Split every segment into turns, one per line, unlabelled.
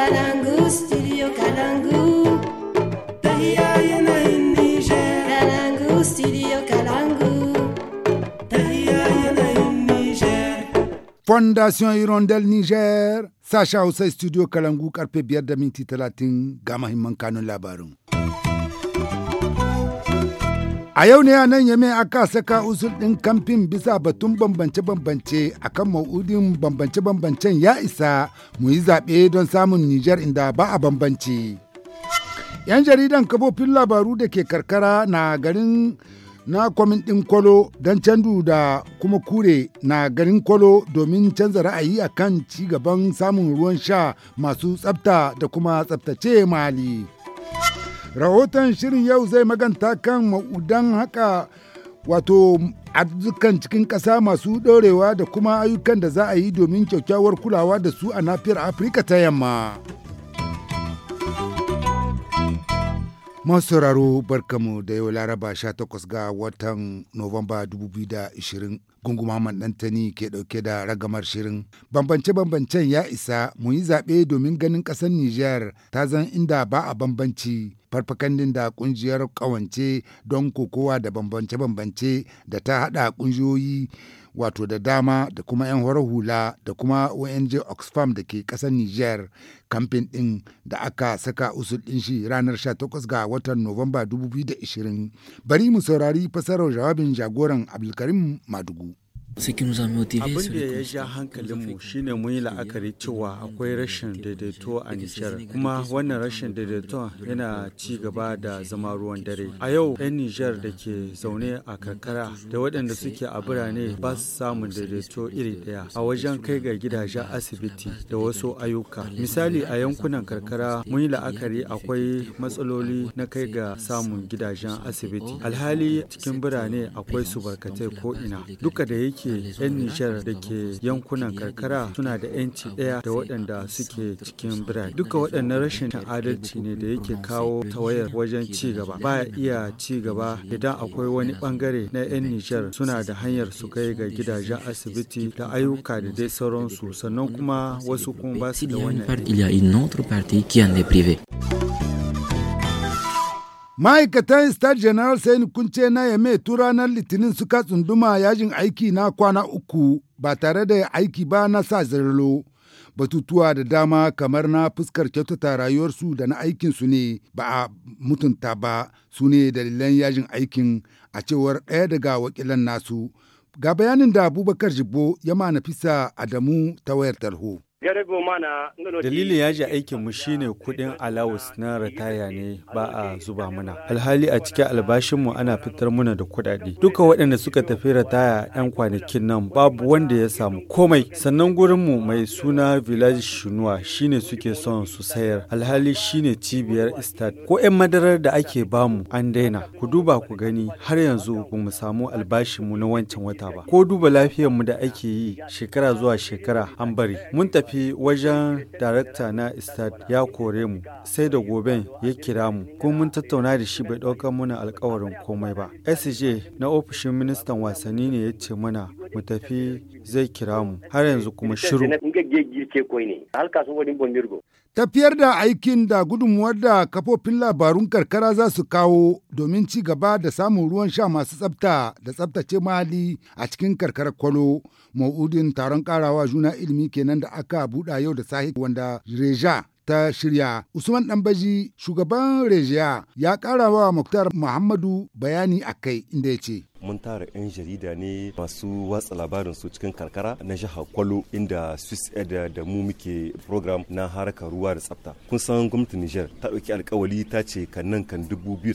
Kalangu, studio Kalangu.
Tahiya Kalangu, studio Kalangu.
Fondation Hirondelle Niger. Sacha Hausa studio Kalangu karfe biyar da minti talatin ga mahimman kanun A yau ne a nan yame aka saka usul ɗin kamfin bisa batun bambance-bambance a kan ma'udin bambance-bambancen ya isa mu yi zaɓe don samun Nijar inda ba a bambance. 'Yan jaridan kafofin labaru da ke karkara na garin na kwamin ɗin kwalo don candu da kuma kure na garin kwalo domin canza ra'ayi akan ci gaban samun ruwan sha masu tsafta da kuma tsaftace mali. rahoton shirin yau zai maganta kan ma'udan haka wato arzikan cikin ƙasa masu ɗorewa da kuma ayyukan da za a yi domin kyakkyawar kulawa da su a nafiyar afirka ta yamma sauraro barkamu da yau laraba 18 ga watan nuwamba 2020 gunguma ɗantani ke ɗauke da ragamar shirin bambance-bambancen ya isa mu yi zaɓe domin ganin ƙasar niger ta zan inda ba a bambanci farfakandin da kungiyar kawance don kokowa da bambance-bambance da ta haɗa kungiyoyi wato da dama da kuma 'yan horar hula da kuma ONG Oxfam da ke ƙasar Niger kamfin ɗin da aka saka usul ɗin shi ranar 18 ga watan novamba 2020. Bari mu saurari fasarar jawabin jagoran Abdulkarim Madugu. Abin da
ya ja hankalinmu shine mun yi la'akari cewa akwai rashin daidaito a Nijar, kuma wannan rashin daidaito yana ci gaba da zama ruwan dare. A yau 'yan Nijar da ke zaune a karkara da waɗanda suke a birane ba su samun daidaito iri ɗaya a wajen kai ga gidajen asibiti da wasu ayyuka. Misali a yankunan karkara mun yi la'akari akwai matsaloli na kai ga samun gidajen asibiti. Alhali cikin birane akwai su barkatai ko ina. Duka da yake 'yan Nijar da ke yankunan karkara suna da 'yanci daya da waɗanda suke cikin birane. Duka waɗannan rashin adalci ne da yake kawo tawayar wajen ci gaba. Baya iya ci gaba idan akwai wani bangare na 'yan Nijar suna da hanyar su kai ga gidajen asibiti da ayyuka da dai sauransu sannan kuma wasu
kuma ba su da wani Ma'aikatan Star General Sani Kunce na Yame tun ranar Litinin suka tsunduma yajin aiki na kwana uku ba tare da aiki ba na sa zarlo. Batutuwa da dama kamar na fuskar kyautata rayuwarsu da na aikinsu ne ba a mutunta ba su ne dalilan yajin aikin a cewar ɗaya daga wakilan nasu. Ga bayanin da Abubakar Jibbo ya ma Nafisa Adamu ta wayar tarho.
Dalilin yaji mu shine kuɗin alawus na rataya ne ba a zuba mana. Alhali a cikin albashinmu ana fitar muna da kudade. Duka waɗanda suka tafi rataya 'yan kwanakin nan babu wanda ya samu komai. Sannan gurinmu mai suna Village Shinua shine suke son su sayar. Alhali shine cibiyar Istat. Ko 'yan madarar da ake bamu an daina. Ku duba ku gani har yanzu ba mu samu albashinmu na wancan wata ba. Ko duba lafiyar mu da ake yi shekara zuwa shekara an bari. Mun tafi tafi wajen darakta na istad ya kore mu sai da goben ya kira mu kuma mun tattauna da shi bai ɗaukar muna alkawarin komai ba sj na ofishin ministan wasanni ne ya ce mana mu tafi zai kira mu har yanzu kuma shiru
tafiyar da aikin da gudunmuwar da kafofin labarun karkara za su kawo domin ci gaba da samun ruwan sha masu tsafta da tsaftace mali a cikin karkarar kwalo ma'udin taron karawa juna ilimi kenan da aka a buɗa yau da sahi wanda Reja ta shirya. Usman Ɗanbaji, shugaban reja ya ƙara wa Muktar Muhammadu bayani
a kai inda ya ce. mun tara 'yan jarida ne masu watsa labarin su cikin karkara na jihar kwalo inda swiss ed da mu muke program na haraka ruwa da tsafta kun san gwamnatin niger ta ɗauki alkawali ta ce kan nan kan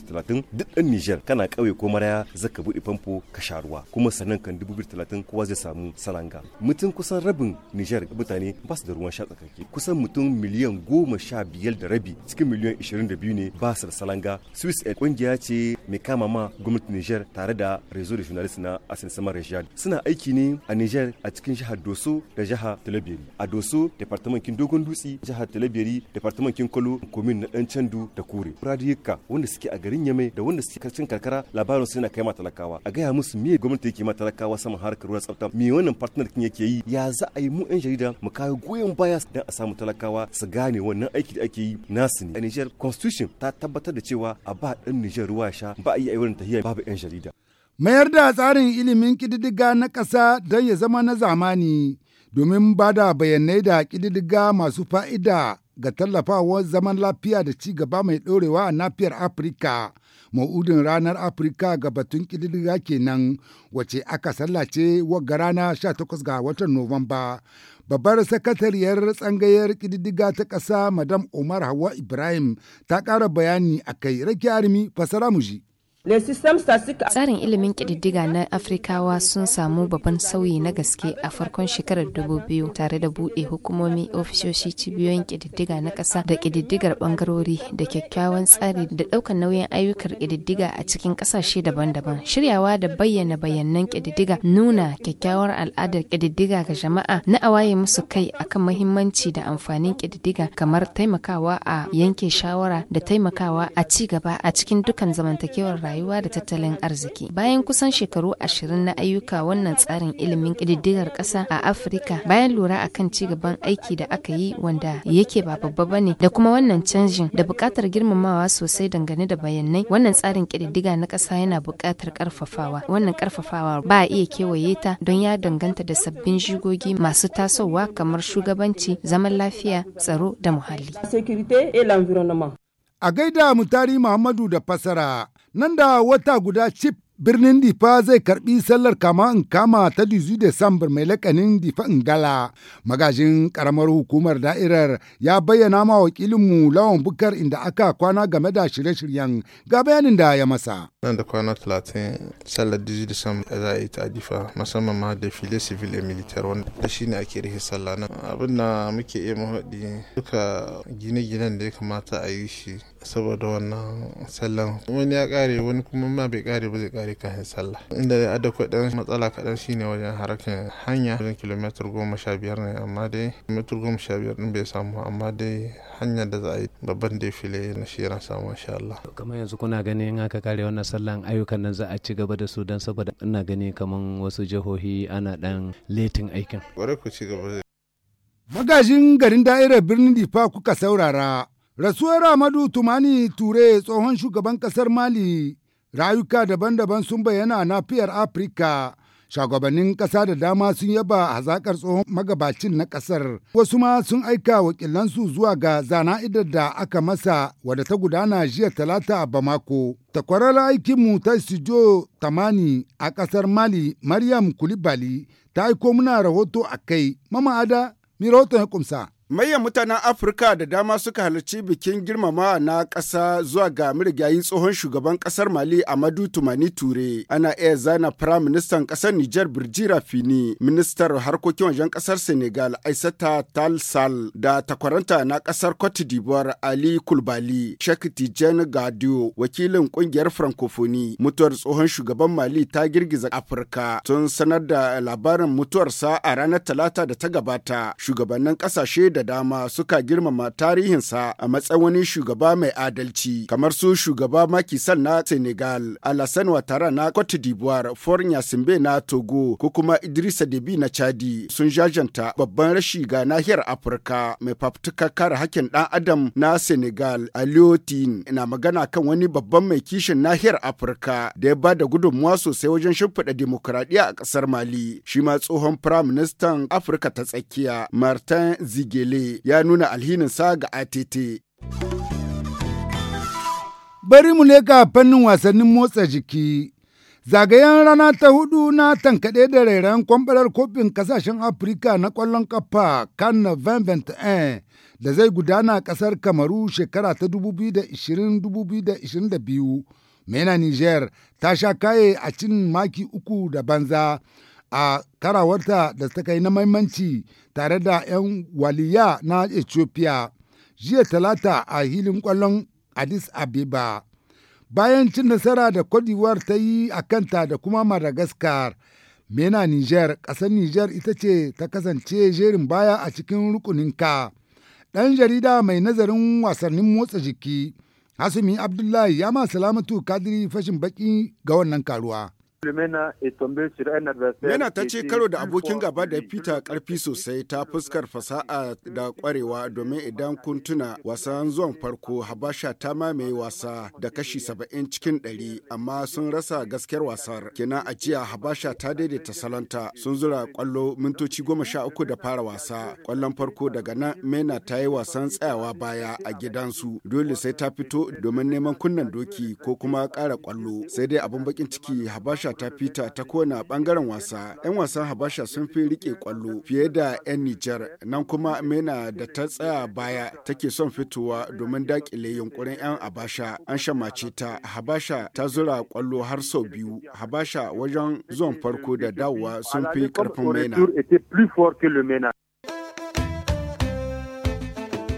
talatin duk ɗan niger kana kauye ko maraya zaka buɗe famfo ka sha ruwa kuma sannan kan talatin kowa zai samu salanga mutum kusan rabin niger mutane ba su da ruwan sha tsakaki kusan mutum miliyan goma sha biyar da rabi cikin miliyan ishirin da biyu ne ba su da salanga swiss ed kungiya ce mai kama ma gwamnatin niger tare da rezo regionalist na asin sama suna aiki ne a Niger a cikin jihar Doso da jihar Talabiri a Doso département kin Dogon Dutse jihar Talabiri département kin Kolo komin na Dan Candu da Kure radiyuka wanda suke a garin Yame da wanda suke cikin karkara labarin suna kai ma talakawa a gaya musu me gwamnati yake ma talakawa sama harkar ruwa tsafta me wannan partner kin yake yi ya za a yi mu yan jarida mu kawo goyon bayas dan a samu talakawa su gane wannan aiki da ake yi nasu ne a Niger constitution ta tabbatar da cewa a ba dan Niger ruwa sha ba a yi aiwatar tahiya babu yan jarida Mayar da tsarin ilimin
ƙididdiga na ƙasa don ya zama na zamani domin ba da bayanai da ƙididdiga masu fa'ida ga tallafawa zaman lafiya da ci gaba mai ɗorewa a nafiyar Afirka. Ma'udin ranar Afirka ga batun ƙididdiga kenan wace aka sallace wagga rana 18 ga watan Nuwamba. Babbar sakatariyar tsangayar ƙididdiga ta ƙasa Madam Umar Hawa Ibrahim ta ƙara bayani a kai Rake Armi fasara mu ji.
Tsarin ilimin ƙididdiga na Afrikawa sun samu babban sauyi na gaske a farkon shekarar 2000 tare da buɗe hukumomi ofisoshi cibiyoyin ƙididdiga na ƙasa da ƙididdigar ɓangarori da kyakkyawan tsari da ɗaukar nauyin ayyukan ƙididdiga a cikin ƙasashe daban-daban. Shiryawa da bayyana bayanan ƙididdiga nuna kyakkyawar al'adar ƙididdiga ga jama'a na awaye musu kai akan mahimmanci da amfanin ƙididdiga kamar taimakawa a yanke shawara da taimakawa a ci gaba a cikin dukkan zamantakewar rayuwa. rayuwa da tattalin arziki. Bayan kusan shekaru ashirin na ayyuka wannan tsarin ilimin ƙididdigar ƙasa a Afirka bayan lura akan ci gaban aiki da aka yi wanda yake ba babba ba ne da kuma wannan canjin da buƙatar girmamawa sosai dangane da bayanai wannan tsarin ƙididdiga na ƙasa yana buƙatar ƙarfafawa. Wannan ƙarfafawa ba a iya kewaye ta don ya danganta da sabbin jigogi masu tasowa kamar shugabanci, zaman lafiya, tsaro da muhalli.
A gaida mutari Muhammadu da fasara, nan da wata guda cif birnin difa zai karbi sallar kama in kama ta 18 Desambar mai lakanin difa in gala magajin karamar hukumar da'irar ya bayyana ma wakilinmu lawan bukar inda aka kwana game da shirye-shiryen ga bayanin da ya masa
nan da kwana 30 sallar 18 Desambar za a yi ta difa musamman ma da filin civil da militaire wanda shi ne ake rihe sallah nan abin da muke iya mahaɗi duka gine-ginen da ya kamata a yi shi saboda wannan sallan wani ya kare wani kuma ma bai kare ba zai kare tsari ya sallah inda da adda kuɗin matsala kaɗan shine wajen harakan hanya wajen kilomitar goma sha biyar ne amma dai kilomitar goma sha biyar ɗin bai samu amma dai hanyar da za a yi babban defile na shira yana samu insha Allah.
kamar yanzu kuna gani in aka kare wannan sallan ayyukan nan za a ci gaba da su don saboda ina gani kamar wasu jihohi ana dan letin aikin.
Kwarai ku ci gaba
Magajin garin da'irar birnin Difa kuka saurara. Rasuwar Amadu Tumani Ture tsohon shugaban kasar Mali rayuka daban-daban sun bayyana a nafiyar Afirka. Shagabannin ƙasa da dama sun yaba hazaƙar tsohon magabacin na ƙasar. Wasu ma sun aika wakilansu zuwa ga zana idar da aka masa wadda ta gudana jiya talata a Bamako. Takwarar aikinmu ta Sijo Tamani a ƙasar Mali, Maryam Kulibali, ta aiko muna rahoto a kai. Mama Ada, mi rahoton ya kumsa.
Mayan mutanen Afirka da dama suka halarci bikin girmama na ƙasa zuwa ga marigayin tsohon shugaban ƙasar Mali Amadu Tumani Ture. Ana iya zana Firaministan Ministan ƙasar Nijar Birjira Fini, Ministar Harkokin wajen ƙasar Senegal Aissata Tal Sal da takwaranta na ƙasar Cote d'Ivoire Ali Kulbali, Sheikh Tijen Gadio, wakilin ƙungiyar Francophonie. Mutuwar tsohon shugaban Mali ta girgiza Afirka tun sanar da labarin mutuwarsa a ranar Talata da ta gabata. Shugabannin ƙasashe da dama suka girmama tarihinsa a matsayin wani shugaba mai adalci kamar su shugaba Macky Sall na Senegal, Alassane Ouattara na Cote d'Ivoire, Faure Gnassingbé na Togo ko kuma Idrissa Deby na Chadi sun jajanta babban rashi ga nahiyar Afirka mai fafutukar kare hakkin ɗan adam na Senegal Aliou Tine na magana kan wani babban mai kishin nahiyar Afirka da ya ba da gudunmuwa sosai wajen shimfiɗa dimokuraɗiyya a ƙasar Mali. Shi ma tsohon Firaministan Afirka ta tsakiya Martin Zige Bele
ya nuna alhininsa ga ATT. Bari mu leka fannin wasannin motsa jiki. Zagayen rana ta hudu na tankaɗe da rairayen kwambarar kofin kasashen Afirka na ƙwallon kafa kan November 21 da zai gudana ƙasar Kamaru shekara ta 2020-2022. Mena Niger ta sha kaye a cin maki uku da banza. a karawarta da ta kai na maimanci tare da 'yan waliya na ethiopia jiya talata a hilin kwallon addis abeba bayan cin nasara da kodiwar ta yi a kanta da kuma madagascar mena niger ƙasar niger ita ce ta kasance jerin baya a cikin rukuninka ɗan jarida mai nazarin wasannin motsa jiki hasumi abdullahi ya ma salamatu kadiri fashin baki ga wannan karuwa Mena Yana ta ce karo da abokin
gaba da fita karfi sosai ta fuskar fasa'a da kwarewa domin idan kun tuna wasan zuwan farko Habasha ta mamaye wasa da kashi saba'in cikin ɗari amma sun rasa gaskiyar wasar. Kina ajiya Habasha ta daidaita salanta sun zura kwallo mintoci uku da fara wasa. Kwallon farko daga nan Mena ta yi wasan tsayawa baya a gidansu. Dole sai ta fito domin neman kunnen doki ko kuma kara kwallo. Sai dai abin bakin ciki Habasha ta fita ta kona bangaren wasa. 'Yan wasan Habasha sun fi rike kwallo fiye da 'yan Nijar. Nan kuma Mena da ta tsaya baya take son fitowa domin dakile yunkurin 'yan Habasha. An shamace ta Habasha ta zura kwallo har sau biyu. Habasha wajen zuwan farko da dawowa sun fi karfin
Mena.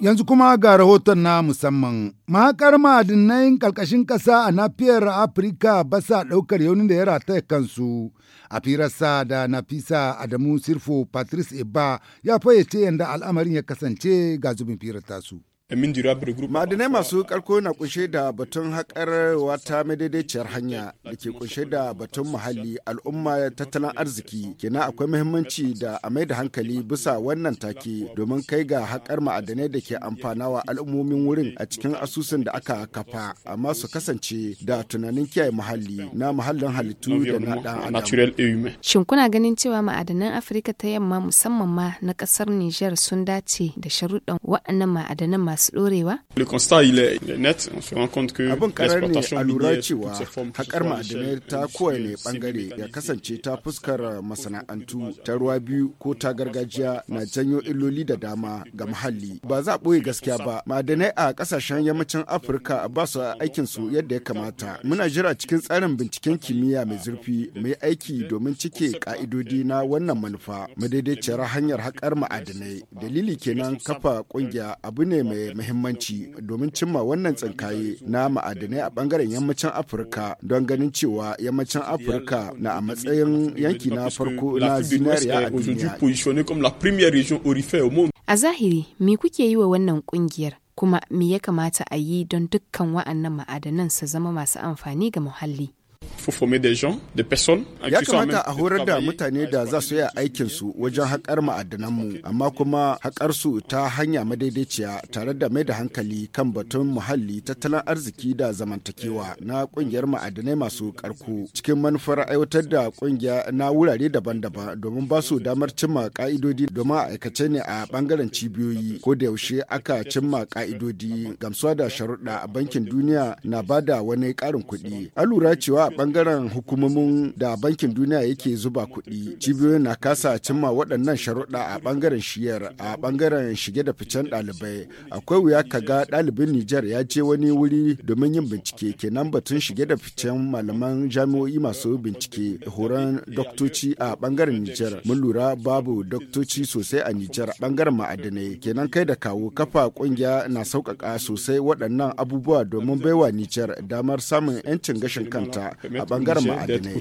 yanzu kuma ga rahoton na musamman. Mahakar ma'adinai ƙarƙashin ƙasa a nafiyar Afirka ba sa ɗaukar yaunin da ya rataya kansu. A firarsa da Nafisa Adamu Sirfo Patrice Eba ya fayyace yadda al'amarin ya kasance ga zubin firar tasu.
ma'adanai masu karko na kunshe da batun haƙar wata madaidaiciyar hanya da ke kunshe da batun muhalli al'umma tattalin arziki kina akwai muhimmanci da a mai da hankali bisa wannan take domin kai ga haƙar ma'adanai da ke amfana wa al'ummomin wurin a cikin asusun da aka kafa amma su kasance da tunanin kiyaye muhalli na muhallin halittu da na ɗan adam.
Shin kuna ganin cewa ma'adanan Afirka ta yamma musamman ma na ƙasar Nijar sun dace da sharuɗan waɗannan ma'adanan masu ɗorewa?
Abin karar ne a lura cewa haƙar ma'adanai ta kowane bangare ya kasance ta fuskar masana'antu ta ruwa biyu ko ta gargajiya na janyo illoli da dama ga muhalli. Ba za a ɓoye gaskiya ba, ma'adanai a ƙasashen yammacin Afirka ba su aikin su yadda ya kamata. Muna jira cikin tsarin binciken kimiyya mai zurfi mai aiki domin cike ka'idodi na wannan manufa. Madaidaiciyar hanyar haƙar ma'adanai. Dalili kenan kafa ƙungiya abu ne mai muhimmanci domin cimma wannan tsinkaye na ma'adanai a bangaren yammacin Afirka don ganin cewa yammacin Afirka na a matsayin yanki na farko na zinariya a duniya.
A zahiri, me kuke yi wa wannan kungiyar? Kuma me ya kamata a yi don dukkan wa'annan ma'adanan su zama masu amfani ga muhalli?
fofome des gens, des personnes. Ya kamata a horar da mutane da za su yi aikin su wajen haƙar ma'adananmu, amma kuma haƙar su ta hanya madaidaiciya tare da mai da hankali kan batun muhalli, tattalin arziki da zamantakewa na ƙungiyar ma'adanai masu ƙarko cikin manufar aiwatar da ƙungiya na wurare daban-daban domin ba su damar cimma ƙa'idodi domin aikace ne a ɓangaren cibiyoyi ko da yaushe aka cimma ƙa'idodi gamsuwa da sharuɗa a bankin duniya na ba da wani ƙarin kuɗi. An lura cewa a bangaren hukumomin da bankin duniya yake zuba kuɗi cibiyoyin na kasa cimma waɗannan sharuɗa a bangaren shiyar a bangaren shige da ficen ɗalibai akwai wuya ka ga ɗalibin nijar ya je wani wuri domin yin bincike kenan batun shige da ficen malaman jami'o'i masu bincike horon doktoci a bangaren nijar mun lura babu doktoci sosai a nijar bangaren ma'adanai kenan kai da kawo kafa kungiya na sauƙaƙa sosai waɗannan abubuwa domin baiwa nijar damar samun 'yancin gashin kanta a bangaren ma'adinai.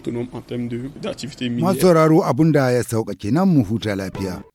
Masu
sauraro abin da ya sauka kenan mu huta lafiya.